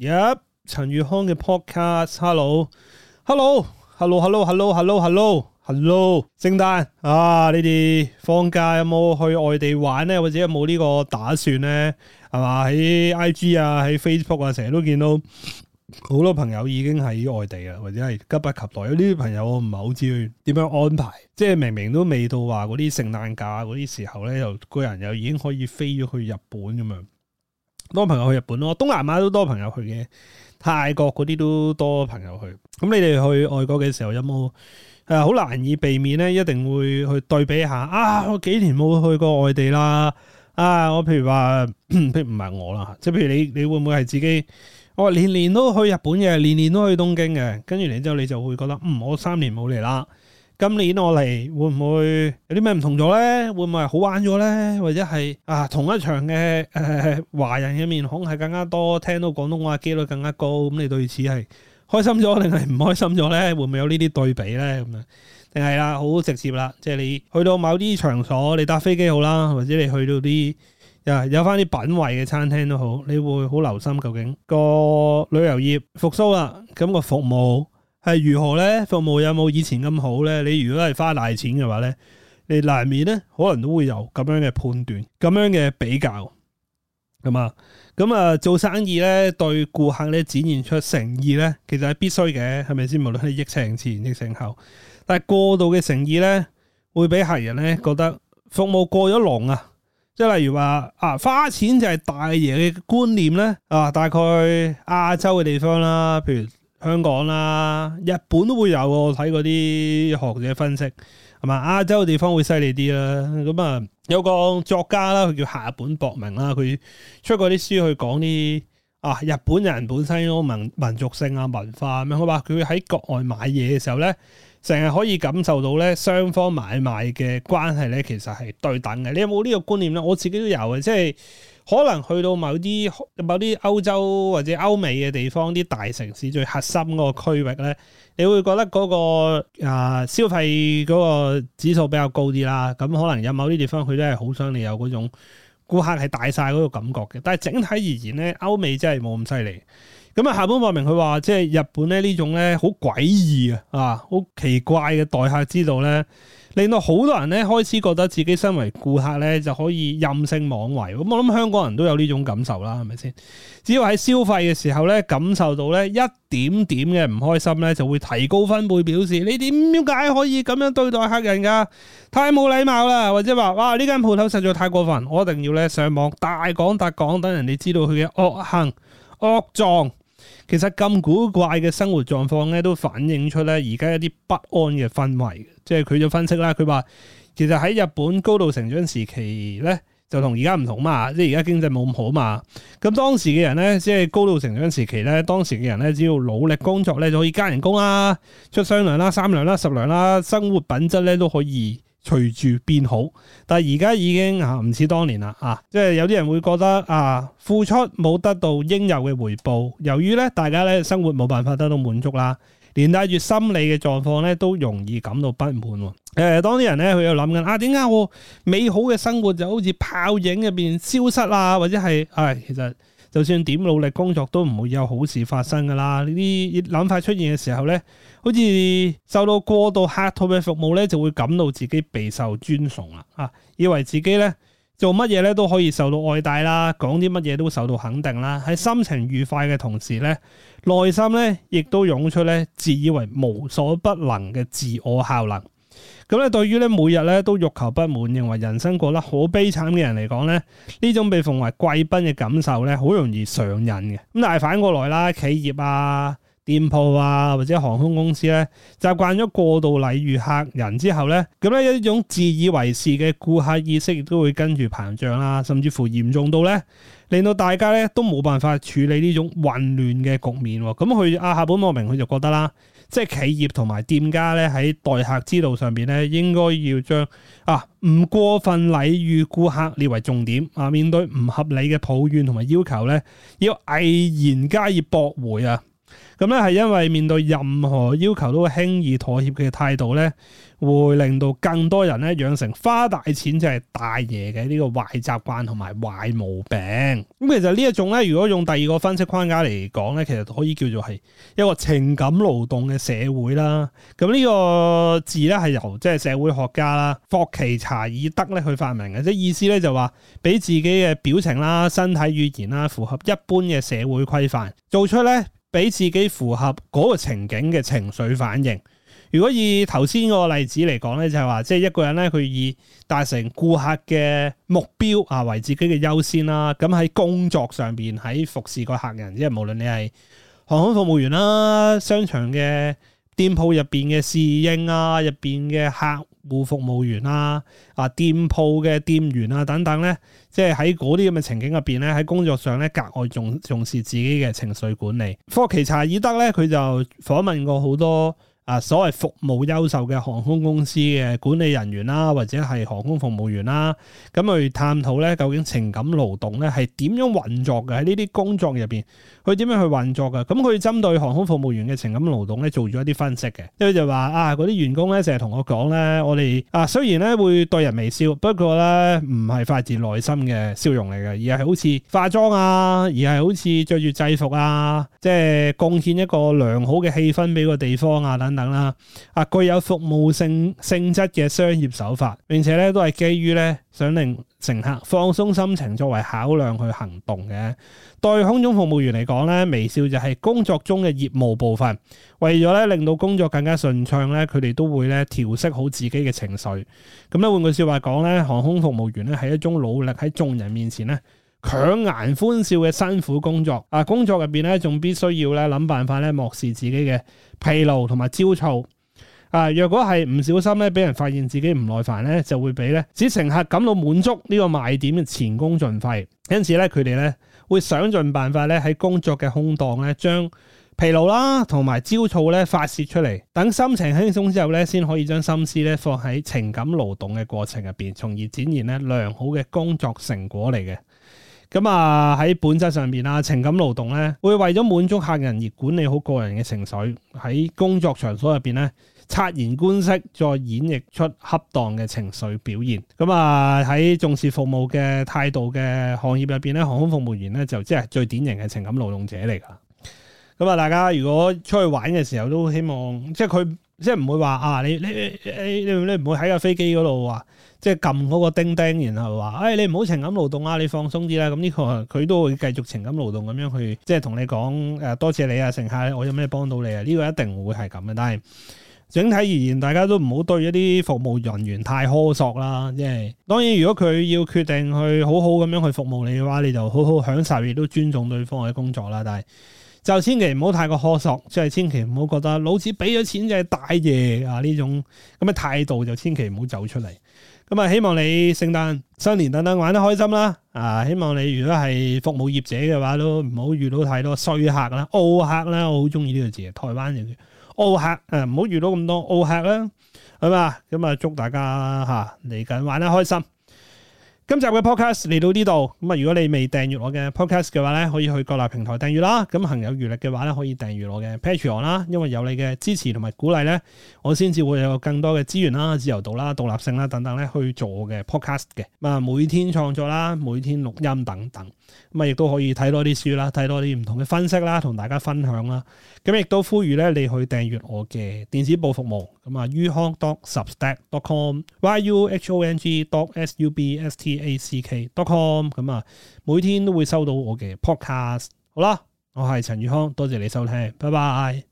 耶！yep, 陳玉康嘅 podcast，hello，hello，hello，hello，hello，hello，hello，hello，聖誕啊！你哋放假有冇去外地玩咧？或者有冇呢個打算咧？係嘛？喺 IG 啊，喺 Facebook 啊，成日都見到好多朋友已經喺外地啊，或者係急不及待。有啲朋友我唔係好知點樣安排，即係明明都未到話嗰啲聖誕假嗰啲時候咧，就個人又已經可以飛咗去日本咁樣。多朋友去日本咯，東南亞都多朋友去嘅，泰國嗰啲都多朋友去。咁你哋去外國嘅時候有冇係好難以避免咧？一定會去對比下啊！我幾年冇去過外地啦，啊！我譬如話，譬如唔係我啦，即係譬如你，你會唔會係自己？我年年都去日本嘅，年年都去東京嘅，跟住嚟之後你就會覺得，嗯，我三年冇嚟啦。今年我嚟會唔會有啲咩唔同咗咧？會唔會好玩咗咧？或者係啊，同一場嘅誒華人嘅面孔係更加多，聽到廣東話嘅機率更加高。咁你對此係開心咗定係唔開心咗咧？會唔會有呢啲對比咧？咁啊，定係啦，好直接啦。即係你去到某啲場所，你搭飛機好啦，或者你去到啲啊有翻啲品味嘅餐廳都好，你會好留心究竟個旅遊業復甦啦，咁個服務，係如何咧？服務有冇以前咁好咧？你如果係花大錢嘅話咧，你難免咧，可能都會有咁樣嘅判斷，咁樣嘅比較，係、嗯、嘛？咁、嗯、啊，做生意咧，對顧客咧展現出誠意咧，其實係必須嘅，係咪先？無論係疫情前、疫情後，但係過度嘅誠意咧，會俾客人咧覺得服務過咗龍啊！即係例如話啊，花錢就係大爺嘅觀念咧啊，大概亞洲嘅地方啦，譬如。香港啦、啊，日本都會有嘅。我睇嗰啲學者分析係嘛，亞洲嘅地方會犀利啲啦。咁啊，嗯、有個作家啦，佢叫夏本博明啦，佢出過啲書去講啲啊日本人本身嗰個民民族性啊文化咁、啊、樣，好嘛？佢喺國外買嘢嘅時候咧，成日可以感受到咧雙方買賣嘅關係咧，其實係對等嘅。你有冇呢個觀念咧？我自己都有嘅，即係。可能去到某啲某啲歐洲或者歐美嘅地方啲大城市最核心嗰個區域呢，你會覺得嗰、嗰個啊、呃、消費嗰個指數比較高啲啦。咁可能有某啲地方佢都係好想你有嗰種顧客係大晒嗰個感覺嘅。但係整體而言呢，歐美真係冇咁犀利。咁啊，下半部明佢話即係日本咧，呢種咧好詭異啊，好奇怪嘅待客之道咧，令到好多人咧開始覺得自己身為顧客咧就可以任性妄為。咁我諗香港人都有呢種感受啦，係咪先？只要喺消費嘅時候咧感受到咧一點點嘅唔開心咧，就會提高分貝表示你點解可以咁樣對待客人噶？太冇禮貌啦，或者話哇呢間鋪頭實在太過分，我一定要咧上網大講特講，等人哋知道佢嘅惡行惡狀。惡狀其實咁古怪嘅生活狀況咧，都反映出咧而家一啲不安嘅氛圍。即係佢就分析啦，佢話其實喺日本高度成長時期咧，就同而家唔同嘛。即係而家經濟冇咁好嘛。咁當時嘅人咧，即係高度成長時期咧，當時嘅人咧，只要努力工作咧，就可以加人工啦、啊，出雙糧啦、三糧啦、十糧啦、啊，生活品質咧都可以。隨住變好，但係而家已經吓唔似當年啦，吓、啊、即係有啲人會覺得啊，付出冇得到應有嘅回報，由於咧大家咧生活冇辦法得到滿足啦，連帶住心理嘅狀況咧都容易感到不滿。誒、啊，當啲人咧佢又諗緊啊，點解我美好嘅生活就好似泡影入邊消失啊？或者係誒、哎，其實。就算點努力工作都唔會有好事發生㗎啦！呢啲諗法出現嘅時候呢，好似受到過度客套嘅服務呢，就會感到自己備受尊崇啦，啊，以為自己呢做乜嘢呢都可以受到愛戴啦，講啲乜嘢都受到肯定啦，喺心情愉快嘅同時呢，內心呢亦都湧出呢自以為無所不能嘅自我效能。咁咧，對於咧每日咧都欲求不滿，認為人生過得好悲慘嘅人嚟講咧，呢種被奉為貴賓嘅感受咧，好容易上癮嘅。咁但係反過來啦，企業啊。店鋪啊，或者航空公司咧，習慣咗過度禮遇客人之後咧，咁咧一種自以為是嘅顧客意識亦都會跟住膨脹啦，甚至乎嚴重到咧，令到大家咧都冇辦法處理呢種混亂嘅局面。咁佢阿夏本莫明，佢就覺得啦，即係企業同埋店家咧喺待客之道上邊咧，應該要將啊唔過分禮遇顧客列為重點啊，面對唔合理嘅抱怨同埋要求咧，要毅然加以駁回啊！咁咧係因為面對任何要求都會輕易妥協嘅態度咧，會令到更多人咧養成「花大錢就係大爺」嘅呢個壞習慣同埋壞毛病。咁其實呢一種咧，如果用第二個分析框架嚟講咧，其實可以叫做係一個情感勞動嘅社會啦。咁呢個字咧係由即係社會學家啦霍奇查爾德咧去發明嘅，即係意思咧就話俾自己嘅表情啦、身體語言啦符合一般嘅社會規範，做出咧。俾自己符合嗰個情景嘅情緒反應。如果以頭先個例子嚟講咧，就係話即係一個人咧，佢以達成顧客嘅目標啊為自己嘅優先啦。咁喺工作上邊喺服侍個客人，即係無論你係航空服務員啦，商場嘅店鋪入邊嘅侍應啊，入邊嘅客。雇服務員啦，啊，店鋪嘅店員啊，等等咧，即係喺嗰啲咁嘅情景入邊咧，喺工作上咧，格外重重視自己嘅情緒管理。科奇查爾德咧，佢就訪問過好多。啊，所謂服務優秀嘅航空公司嘅管理人員啦、啊，或者係航空服務員啦，咁、啊、去探討咧，究竟情感勞動咧係點樣運作嘅？喺呢啲工作入邊，佢點樣去運作嘅？咁、啊、佢針對航空服務員嘅情感勞動咧，做咗一啲分析嘅。因為就話啊，嗰啲員工咧成日同我講咧，我哋啊雖然咧會對人微笑，不過咧唔係發自內心嘅笑容嚟嘅，而係好似化妝啊，而係好似着住制服啊，即、就、係、是、貢獻一個良好嘅氣氛俾個地方啊等。等啦，啊，具有服務性性質嘅商業手法，並且咧都係基於咧想令乘客放鬆心情作為考量去行動嘅。對空中服務員嚟講咧，微笑就係工作中嘅業務部分。為咗咧令到工作更加順暢咧，佢哋都會咧調適好自己嘅情緒。咁咧換句說話講咧，航空服務員咧係一種努力喺眾人面前咧。強顏歡笑嘅辛苦工作，啊，工作入邊咧仲必須要咧諗辦法咧漠視自己嘅疲勞同埋焦躁，啊，若果係唔小心咧俾人發現自己唔耐煩咧就會俾咧只乘客感到滿足呢個賣點嘅前功盡廢，因此咧佢哋咧會想盡辦法咧喺工作嘅空檔咧將疲勞啦同埋焦躁咧發洩出嚟，等心情輕鬆之後咧先可以將心思咧放喺情感勞動嘅過程入邊，從而展現咧良好嘅工作成果嚟嘅。咁啊喺本質上邊啊，情感勞動咧，會為咗滿足客人而管理好個人嘅情緒，喺工作場所入邊咧察言觀色，再演繹出恰當嘅情緒表現。咁啊喺重視服務嘅態度嘅行業入邊咧，航空服務員咧就即係最典型嘅情感勞動者嚟㗎。咁、嗯、啊、嗯，大家如果出去玩嘅時候都希望即係佢。即係唔會話啊！你你你你唔會喺架飛機嗰度話，即係撳嗰個叮叮，然後話：誒、哎，你唔好情感勞動啊！你放鬆啲啦。咁、嗯、呢、這個佢都會繼續情感勞動咁樣去，即係同你講誒、呃，多謝你啊，乘客，我有咩幫到你啊？呢、這個一定會係咁嘅。但係整體而言，大家都唔好對一啲服務人員太苛索啦。即係當然，如果佢要決定去好好咁樣去服務你嘅話，你就好好享受，亦都尊重對方嘅工作啦。但係。.就千祈唔好太過苛索，即、就、係、是、千祈唔好覺得老子俾咗錢就係大爺啊，呢種咁嘅態度，就千祈唔好走出嚟。咁、嗯、啊，希望你聖誕、新年等等玩得開心啦！啊，希望你如果係服務業者嘅話，都唔好遇到太多衰客啦、澳客啦。我好中意呢個字，台灣人澳客，誒、啊，唔好遇到咁多澳客啦，係嘛？咁啊，祝大家吓嚟緊玩得開心。今集嘅 podcast 嚟到呢度，咁啊，如果你未訂閱我嘅 podcast 嘅話咧，可以去各立平台訂閱啦。咁行有餘力嘅話咧，可以訂閱我嘅 Patreon 啦。因為有你嘅支持同埋鼓勵咧，我先至會有更多嘅資源啦、自由度啦、獨立性啦等等咧去做我嘅 podcast 嘅。咁啊，每天創作啦，每天錄音等等，咁啊，亦都可以睇多啲書啦，睇多啲唔同嘅分析啦，同大家分享啦。咁亦都呼籲咧，你去訂閱我嘅電子報服務。咁啊 yuhong dot substack dot com y u h o n g dot s u b s t a c k dot com 咁啊，每天都會收到我嘅 podcast。好啦，我係陳宇康，多謝你收聽，拜拜。